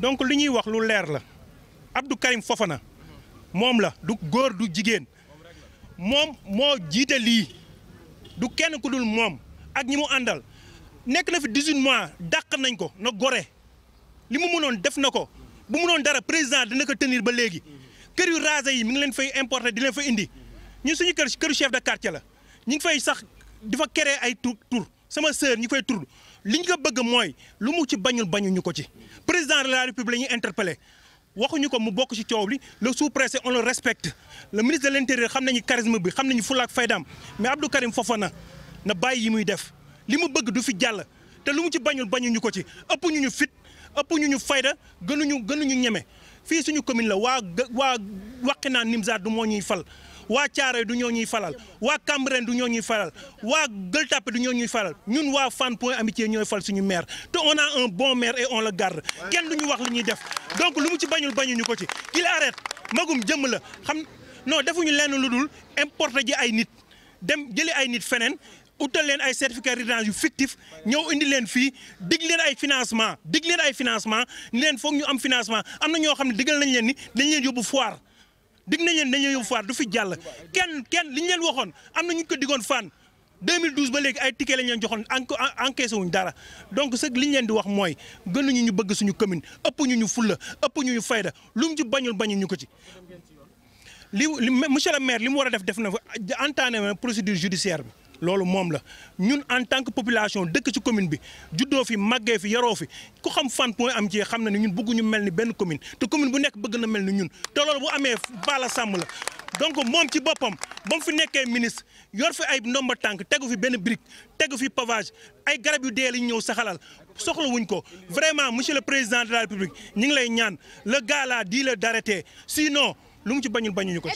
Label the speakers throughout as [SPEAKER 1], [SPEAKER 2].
[SPEAKER 1] donc li ñuy wax lu leer la Abdou Karim Fofana moom la du góor du jigéen moom moo jiite lii du kenn ku dul moom ak ñi mu àndal nekk na fi 18 mois dàq nañ ko na gore li mu mënoon def na ko bu mënoon dara président dina ko tenir ba léegi kër yu rasé yi mi ngi leen fay importer di leen fa indi ñu suñu kër këru chef de quartier la ñu ngi fay sax di fa créer ay tur tur sama sœur ñi fay tudd li ñu ko bëgg mooy lu mu ci bañul bañuñu ko ci président de la république ñu interpellé waxuñu ko mu bokk ci coow li le sous-préfet on le respecte le ministre de l'intérieur xam nañu charisme bi xam nañu fulaak faydaam mais Abdou Karim Fofana na bàyyi yi muy def li mu bëgg du fi jàll te lu mu ci bañul bañuñu ko ci ëpp ñu ñu fit ëpp ñu ñu fayda gënuñu gënuñu ñeme fii suñu commune la waa waa waqinaan Nimzaat du moo ñuy fal waa Thiaroye du ñoo ñuy falal waa Cambérène du ñoo ñuy falal waa Gueule Tapée du ñoo ñuy falal ñun waa Fann Point Amitié ñooy fal suñu maire te on a un bon maire et on la garde kenn du ñu wax li ñuy def donc lu mu ci bañul ñu ko ci il arrête magum jëmm la xam non defuñu lenn lu dul importer ji ay nit dem jëli ay nit feneen utal leen ay certificat résidence yu fictif ñëw indi leen fii dig leen ay financement dig leen ay financement ni leen foog ñu am financement am na ñoo xam ne digal nañ leen ni dañ leen yóbbu foire dig nañ leen dañoo yóbbu du fi jàll kenn kenn li ñu leen waxoon am na ñu ko digoon Fann 2012 ba léegi ay ticket lañ leen joxoon encaissé wuñ dara donc sax li ñu leen di wax mooy gënuñu ñu bëgg suñu commune ëpp ñu ñu fulla ëpp ñu ñu fayda lu mu ci bañul bañu ñu ko ci. li monsieur le maire li mu war a def def na fa entamer procédure judiciaire bi. loolu moom la ñun en tant que population dëkk ci commune bi juddoo fi màggee fi yaroo fi ku xam fan point am jee xam na ne ñun bëgguñu mel ni benn commune te commune bu nekk bëgg na mel ni ñun te loolu bu amee Balla sàmm la donc moom ci boppam ba mu fi nekkee ministre yor fi ay ndomba tànk tegu fi benn brique tegu fi pavage ay garab yu dee la ñu ñëw saxalal soxla wuñ ko vraiment monsieur le président de la république ñu ngi lay ñaan le gars dii la le d'arrêter sinon lu ci bañul bañuñu ko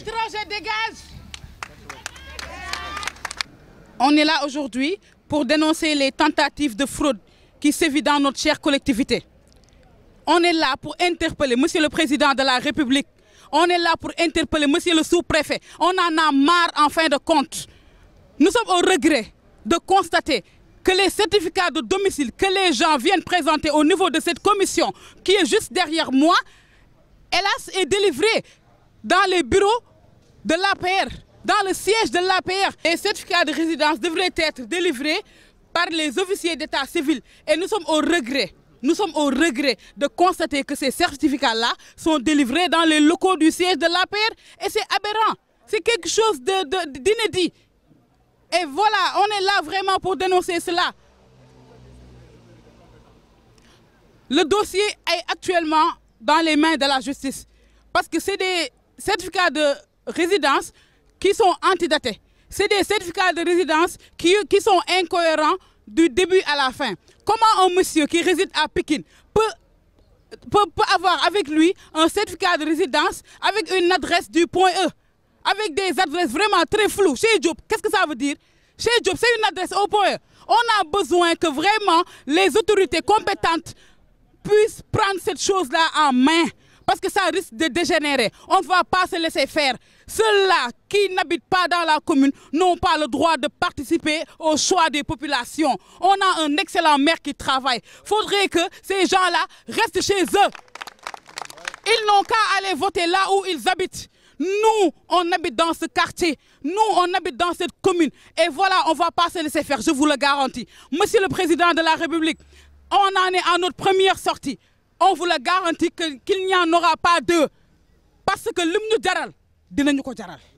[SPEAKER 2] On est là aujourd'hui pour dénoncer les tentatives de fraude qui sévit dans notre chère collectivité. On est là pour interpeller Monsieur le Président de la République. On est là pour interpeller Monsieur le sous-préfet. On en a marre en fin de compte. Nous sommes au regret de constater que les certificats de domicile que les gens viennent présenter au niveau de cette commission qui est juste derrière moi, hélas, est délivré dans les bureaux de l'APR. dans le siège de l'APR. Un certificat de résidence devrait être délivré par les officiers d'état civil et nous sommes au regret. Nous sommes au regret de constater que ces certificats-là sont délivrés dans les locaux du siège de l'APR et c'est aberrant. C'est quelque chose d'inédit. De, de, et voilà, on est là vraiment pour dénoncer cela. Le dossier est actuellement dans les mains de la justice parce que c'est des certificats de résidence qui sont antidatés. C'est des certificats de résidence qui, qui sont incohérents du début à la fin. Comment un monsieur qui réside à Pékin peut avoir avec lui un certificat de résidence avec une adresse du point E, avec des adresses vraiment très floues. Chez Job, qu'est-ce que ça veut dire Chez Job, c'est une adresse au point E. On a besoin que vraiment les autorités compétentes puissent prendre cette chose-là en main. parce que ça risque de dégénérer. On ne va pas se laisser faire. Ceux-là qui n'habitent pas dans la commune n'ont pas le droit de participer au choix des populations. On a un excellent maire qui travaille. Faudrait que ces gens-là restent chez eux. Ils n'ont qu'à aller voter là où ils habitent. Nous, on habite dans ce quartier. Nous, on habite dans cette commune. Et voilà, on va pas se laisser faire, je vous le garantis. Monsieur le Président de la République, on on vous la garantit que qu'il n'y en aura parce que lim ñu jaral dinañu ko jaral